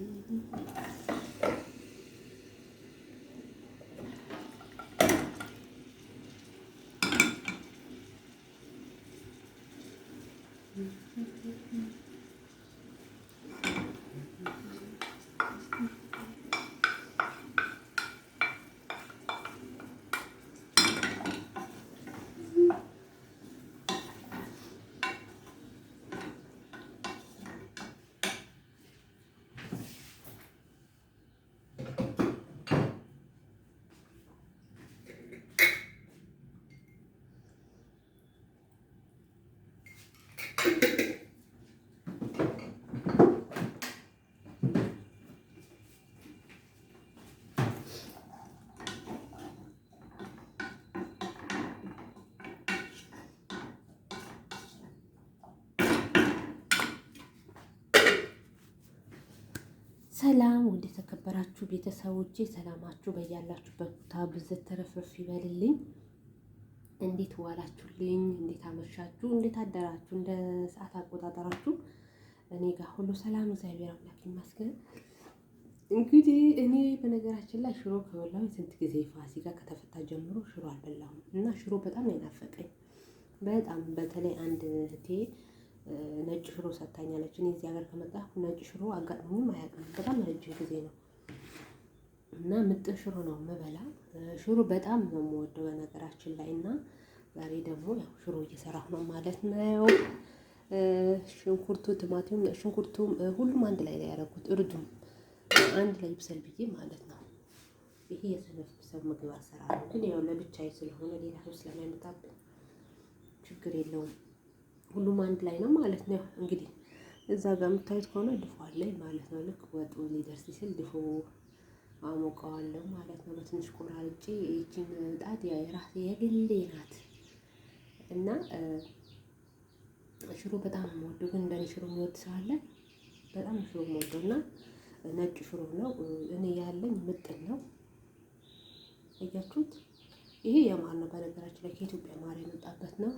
Mm-hmm. ሰላም ወደ ተከበራችሁ ቤተሰቦቼ፣ ሰላማችሁ በያላችሁበት ቦታ ብዝት ተረፍርፍ ይበልልኝ። እንዴት ዋላችሁልኝ? እንዴት አመሻችሁ? እንዴት አደራችሁ? እንደ ሰዓት አቆጣጠራችሁ እኔ ጋር ሁሉ ሰላም፣ እግዚአብሔር አምላክ ይመስገን። እንግዲህ እኔ በነገራችን ላይ ሽሮ ከበላሁ ስንት ጊዜ ፋሲካ ከተፈታ ጀምሮ ሽሮ አልበላሁም እና ሽሮ በጣም ነው የናፈቀኝ። በጣም በተለይ አንድ እህቴ ነጭ ሽሮ ሰታኛለች። እኔ እዚህ ሀገር ከመጣሁ ነጭ ሽሮ አጋጥሞኝም አያውቅም። በጣም ረጅም ጊዜ ነው እና ምጥን ሽሮ ነው የምበላ። ሽሮ በጣም ነው የምወደው በነገራችን ላይ እና ዛሬ ደግሞ ያው ሽሮ እየሰራሁ ነው ማለት ነው። ሽንኩርቱ ቲማቲም ሽንኩርቱ ሁሉም አንድ ላይ ነው ያደረኩት እርዱም አንድ ላይ ይብሰል ብዬ ማለት ነው። ይሄ የሰነፍሰብ ምግብ አሰራር ግን ያው ለብቻዬ ስለሆነ ሌላ ሰው ስለማይመጣብኝ ችግር የለውም። ሁሉም አንድ ላይ ነው ማለት ነው። እንግዲህ እዛ ጋር የምታዩት ከሆነ ድፎ አለኝ ማለት ነው። ልክ ወጡ ሊደርስ ሲል ድፎ አሞቀዋለሁ ማለት ነው። በትንሽ ቆራርጬ ይቺን መምጣት የራሴ የግሌ ናት እና ሽሮ በጣም ወዱ። ግን እንደኔ ሽሮ የሚወድ ሰው አለ? በጣም ሽሮ የምወደው እና ነጭ ሽሮ ነው እኔ ያለኝ ምጥን ነው። አያችሁት? ይሄ የማር ነው። በነገራችን ላይ ከኢትዮጵያ ማር የመጣበት ነው።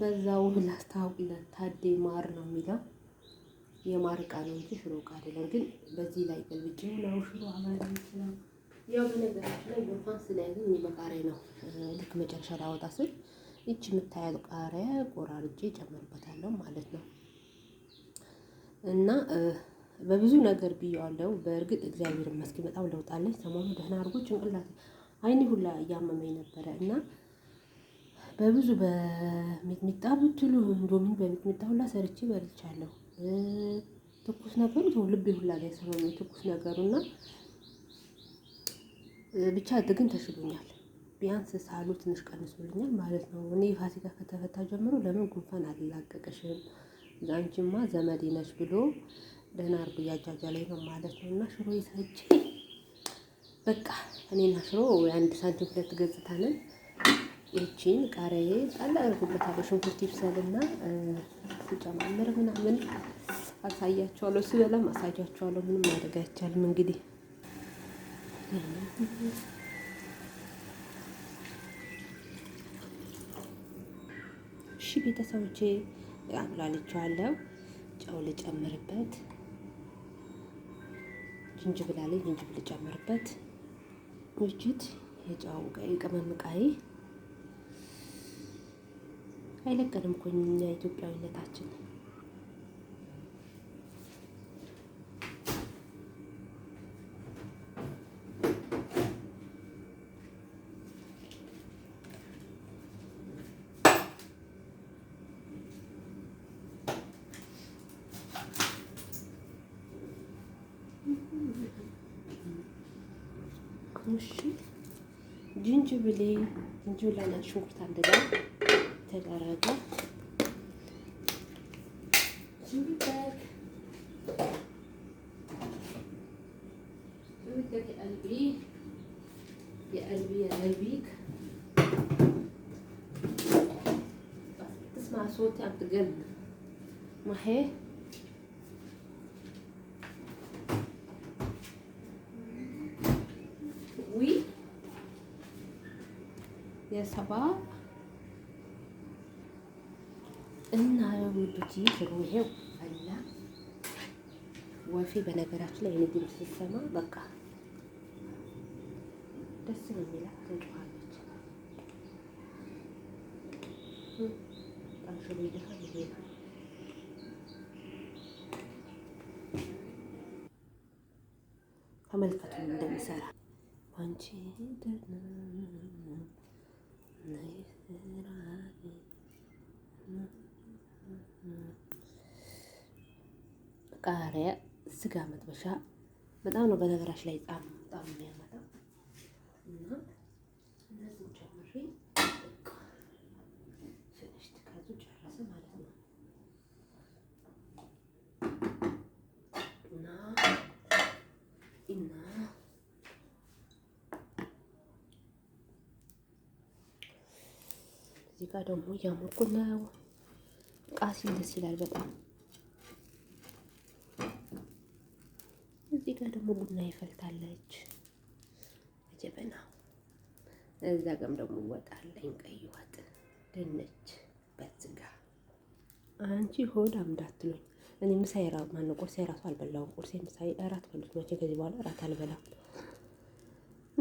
በዛው ላስታውቅ ለታዴ ማር ነው የሚለው የማር እቃ ነው እንጂ ሽሮ እቃ አይደለም። ግን በዚህ ላይ ገልብጬ ነው ሽሮ አማራ ይችላል። ያው በነገራችን ላይ ጉንፋን ስለያዘኝ በቃሪያ ነው ልክ መጨረሻ ላወጣ ስል ይቺ የምታያት ቃሪያ ቆራርጬ ጨምርበታለሁ ማለት ነው እና በብዙ ነገር ብየዋለሁ። በእርግጥ እግዚአብሔር ይመስገን በጣም ለውጥ ሰሞኑ ደህና አድርጎ ጭንቅላት አይኔ ሁላ እያመመኝ ነበረ እና በብዙ በሚጥሚጣ ብትሉ እንዶሚን በሚጥሚጣ ሁላ ሰርቼ በልቻለሁ። ትኩስ ነገሩ ተው ልብ ይሁላ ላይ ትኩስ ነገሩና ብቻ ግን ተሽሎኛል። ቢያንስ ሳሉ ትንሽ ቀንሶልኛል ማለት ነው። እኔ ፋሲካ ከተፈታ ጀምሮ ለምን ጉንፋን አልላቀቀሽም አንቺማ ዘመዴ ነች ብሎ ደህና አርጎ እያጃጃ ላይ ነው ማለት ነው። እና ሽሮ ይሳጭ በቃ እኔና ሽሮ የአንድ ሳንቲም ሁለት ገጽታ ነን። ይቺን ቃሪያ ጣል አድርጉበታለሁ። ሽንኩርት ይብሰልና ሲጨማምር ምናምን አሳያቸዋለሁ። ሲበላም አሳያቸዋለሁ። ምንም ማድረግ አይቻልም እንግዲህ እሺ ቤተሰቦቼ አብላልቸዋለሁ። ጨው ልጨምርበት፣ ዝንጅብል አለኝ፣ ዝንጅብል ልጨምርበት። ውጅት የጨው ቀይ ቅመም ቃይ አይለቀንም እኮ እኛ ኢትዮጵያዊነታችን። እሺ ጅንጅብሌ እንጆላና ሽንኩርት አንድ ላይ የተደረገ تسمع صوتي عم تقل محي وي يا صباح እና ውዱት ሽሮ ይሄው አላ ወፌ በነገራችን ላይ እኔ በቃ ደስ ነው ተጫዋለች ይሄ ነው ተመልከቱ እንደሚሰራ አንቺ ደህና ቃሪያ፣ ስጋ መጥበሻ በጣም ነው በነገራችን ላይ ጣም ጣም የሚያመጣው ማለት እዚህ ጋር ደግሞ እያሞቁ ነው። ሲል ደስ ይላል በጣም። እዚህ ጋር ደግሞ ቡና ይፈልታለች ጀበና። እዛ ጋም ደግሞ ወጣለኝ ቀይ ወጥ ድንች በዝጋ። አንቺ ሆዳም እንዳትሉኝ እኔ ምሳዬ ራ ማነው ቁርሴ ራሱ አልበላሁም። ቁርሴ ምሳዬ እራት በሉት መቼ ከዚህ በኋላ እራት አልበላም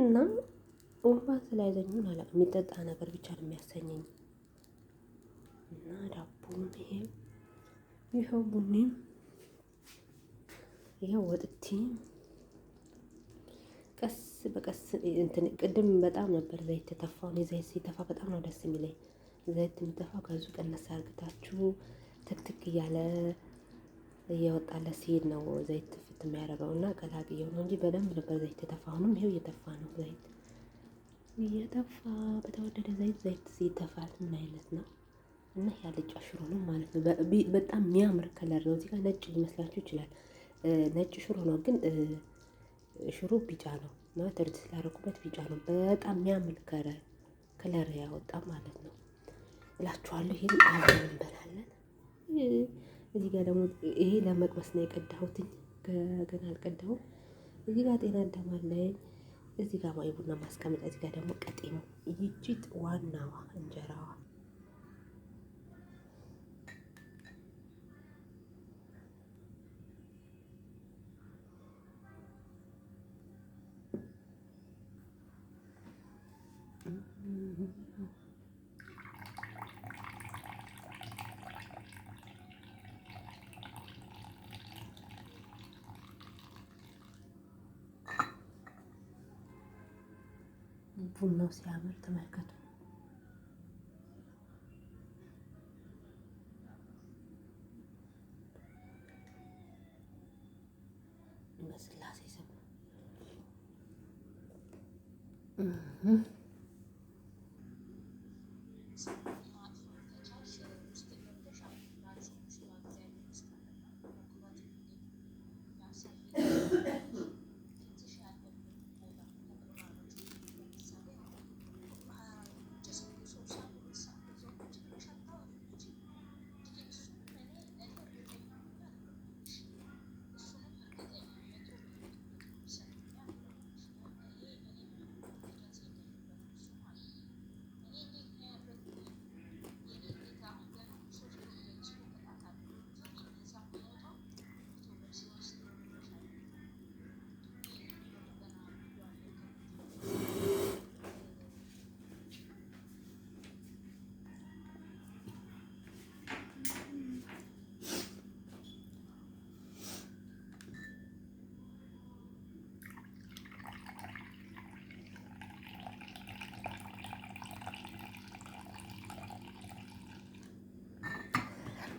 እና እንኳን ስላይዘኝም አላውቅም። የሚጠጣ ነገር ብቻ ነው የሚያሰኘኝ። እና ዳቦም ይሄም ይኸው ቡኒም ይኸው ወጥቼ ቀስ በቀስ እንትን ቅድም በጣም ነበር ዘይት የተፋውን ዘይት ሲተፋ በጣም ነው ደስ የሚለኝ። ዘይት የሚተፋው ከዙ ቀነስ አርግታችሁ ትክትክ እያለ እየወጣለ ሲሄድ ነው ዘይት ፍት የሚያደርገው እና ቀላቅየው ነው እንጂ በደንብ ነበር ዘይት የተፋ። አሁንም ይኸው እየተፋ ነው ዘይት እየተፋ በተወደደ ዘይት ዘይት ይተፋል። ምን አይነት ነው? እና ያ ልጭ ሽሮ ነው ማለት ነው። በጣም የሚያምር ከለር ነው። እዚህ ጋር ነጭ ሊመስላችሁ ይችላል። ነጭ ሽሮ ነው ግን ሽሮ ቢጫ ነው እና ተርድ ስላደረኩበት ቢጫ ነው። በጣም የሚያምር ከለር ያወጣ ማለት ነው እላችኋለሁ። ይህን አብረን እንበላለን። እዚህ ጋር ደግሞ ይሄ ለመቅመስ ነው የቀዳሁትኝ፣ ገና አልቀዳሁም። እዚህ ጋር ጤና አዳም አለኝ። እዚህ ጋር ማይ ቡና ማስቀመጫ፣ እዚህ ጋር ደግሞ ቀጤ ነው። ይቺ ዋናዋ እንጀራዋ ቡናው ሲያምር ተመልከቱ። ስላሴ ። ስም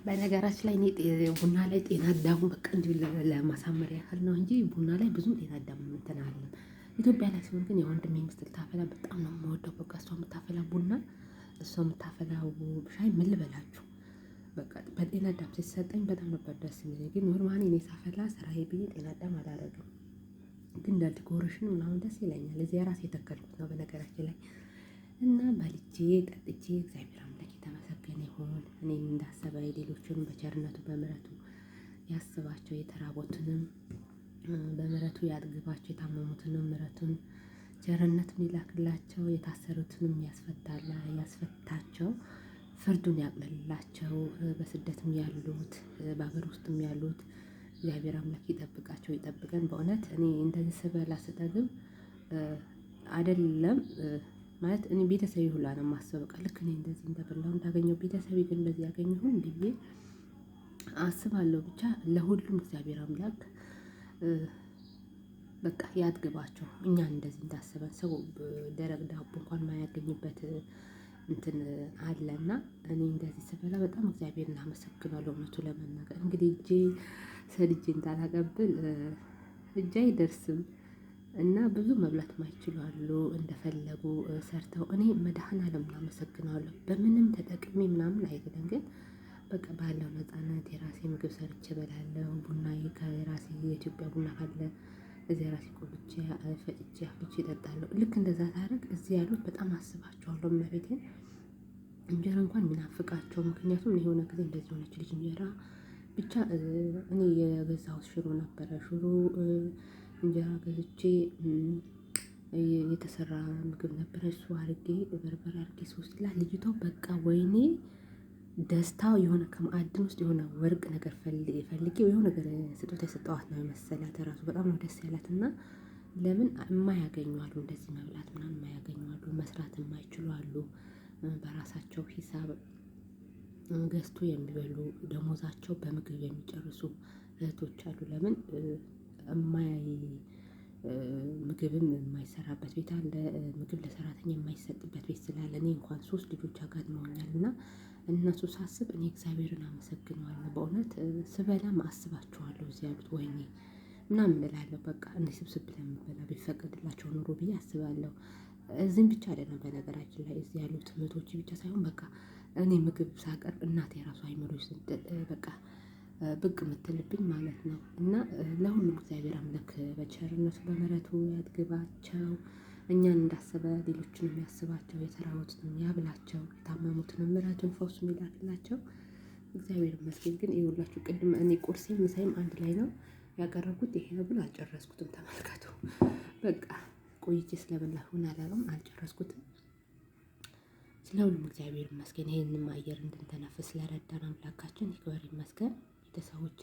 በነገራችን ላይ እኔ ቡና ላይ ጤና አዳሙ በቃ እንዲሁ ለማሳመር ያህል ነው እንጂ ቡና ላይ ብዙም ጤና አዳሙ እንትን አለም። ኢትዮጵያ ላይ ሲሆን ግን የወንድሜ ሚስት ልታፈላ በጣም ነው የምወደው። በቃ እሷ የምታፈላ ቡና እሷ የምታፈላው ሻይ ምን ልበላችሁ፣ በቃ በጤና አዳም ሲሰጠኝ በጣም ነበር ደስ የሚለኝ። ግን ኖርማኒ እኔ ሳፈላ ስራዬ ብዬ ጤና አዳም አላረግም። ግን ለዲኮሬሽን ምናምን ደስ ይለኛል። እዚህ የራሴ የተከልኩት ነው በነገራችን ላይ እና በልቼ ጠጥቼ እግዚአብሔር ሳይሆን እኔ እንዳሰበ ሌሎችንም በቸርነቱ በምሕረቱ ያስባቸው፣ የተራቦትንም በምሕረቱ ያጥግባቸው፣ የታመሙትንም ምረቱን ቸርነቱን ይላክላቸው፣ የታሰሩትንም ያስፈታላ ያስፈታቸው፣ ፍርዱን ያቅልላቸው። በስደትም ያሉት በሀገር ውስጥም ያሉት እግዚአብሔር አምላክ ይጠብቃቸው፣ ይጠብቀን። በእውነት እኔ እንደዚህ ስበላ ስጠግብ አይደለም ማለት እኔ ቤተሰብ ሁላ ነው ማሰበቃ ልክ እኔ እንደዚህ እንደበላሁ እንዳገኘው ቤተሰብ ግን እንደዚህ ሁን ብዬ አስባለሁ። ብቻ ለሁሉም እግዚአብሔር አምላክ በቃ ያድግባቸው። እኛን እንደዚህ እንዳሰበን ሰው ደረቅ ዳቦ እንኳን ማያገኝበት እንትን አለና እኔ እንደዚህ ስበላ በጣም እግዚአብሔር እናመሰግናለሁ። እውነቱ ለመናገር እንግዲህ እጄ ሰድጄ እንዳላቀብል እጄ አይደርስም። እና ብዙ መብላት ማይችሉ አሉ። እንደፈለጉ ሰርተው እኔ መድኃኔዓለም አመሰግነዋለሁ። በምንም ተጠቅሜ ምናምን አይደለም ግን በቃ ባለው ነፃነት የራሴ ምግብ ሰርቼ በላለሁ። ቡና ከራሴ የኢትዮጵያ ቡና ካለ እዚህ ራሴ ቆልቼ ፈጭቼ አፍልቼ እጠጣለሁ። ልክ እንደዛ ታረግ እዚህ ያሉት በጣም አስባቸዋለሁ። እመቤቴን እንጀራ እንኳን የሚናፍቃቸው ምክንያቱም የሆነ ጊዜ እንደዚህ ሆነች ልጅ እንጀራ ብቻ እኔ የገዛሁት ሽሮ ነበረ ሽሮ እንጀራ ገዝቼ የተሰራ ምግብ ነበረ። እሱ አርጌ በርበሬ አርጌ ሶስት ላ ልጅቷ በቃ ወይኔ ደስታ የሆነ ከማዕድን ውስጥ የሆነ ወርቅ ነገር ፈልጌ የሆነ ነገር ስጦታ የሰጠዋት ነው የመሰላት። ራሱ በጣም ነው ደስ ያላት። እና ለምን የማያገኙ አሉ እንደዚህ መብላት ምናምን የማያገኙ አሉ፣ መስራት የማይችሉ አሉ፣ በራሳቸው ሂሳብ ገዝቶ የሚበሉ ደሞዛቸው በምግብ የሚጨርሱ እህቶች አሉ። ለምን የማይ ምግብም የማይሰራበት ቤት አለ። ምግብ ለሰራተኛ የማይሰጥበት ቤት ስላለ እኔ እንኳን ሶስት ልጆች አጋጥመውኛል። እና እነሱ ሳስብ እኔ እግዚአብሔርን አመሰግነዋለሁ በእውነት ስበላም አስባቸዋለሁ እዚህ ያሉት ወይኔ ምናምን እላለሁ። በቃ እኔ ስብስብ ለምበላ ቢፈቀድላቸው ኑሮ ብዬ አስባለሁ። እዚህም ብቻ አይደለም በነገራችን ላይ እዚህ ያሉት እህቶቼ ብቻ ሳይሆን በቃ እኔ ምግብ ሳቀርብ እናቴ የራሱ አይምሮሽ በቃ ብቅ የምትልብኝ ማለት ነው። እና ለሁሉም እግዚአብሔር አምላክ በቸርነቱ በምሕረቱ ያጥግባቸው። እኛን እንዳሰበ ሌሎችንም ያስባቸው። የተራቡትንም ያብላቸው። የታመሙትንም ምሕረቱን ፈውሱ ይላክላቸው። እግዚአብሔር ይመስገን። ግን ይኸውላችሁ ቅድም እኔ ቁርሴም ምሳይም አንድ ላይ ነው ያቀረብኩት። ይሄ ነው ብሎ አልጨረስኩትም። ተመልከቱ። በቃ ቆይቼ ስለበላ ሆን አላለም አልጨረስኩትም። ስለሁሉም እግዚአብሔር ይመስገን። ይህንም አየር እንድንተነፍስ ስለረዳን አምላካችን ይክበር ይመስገን። ቤተሰቦች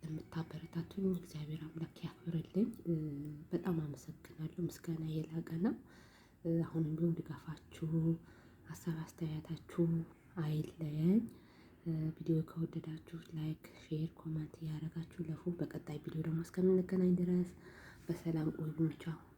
ለምታበረታቱኝ እግዚአብሔር አምላክ ያክብርልኝ። በጣም አመሰግናለሁ። ምስጋና የላቀ ነው። አሁንም ቢሆን ድጋፋችሁ፣ ሀሳብ አስተያየታችሁ አይለየኝ። ቪዲዮ ከወደዳችሁ ላይክ፣ ሼር፣ ኮመንት እያደረጋችሁ ለፉ። በቀጣይ ቪዲዮ ደግሞ እስከምንገናኝ ድረስ በሰላም ቻው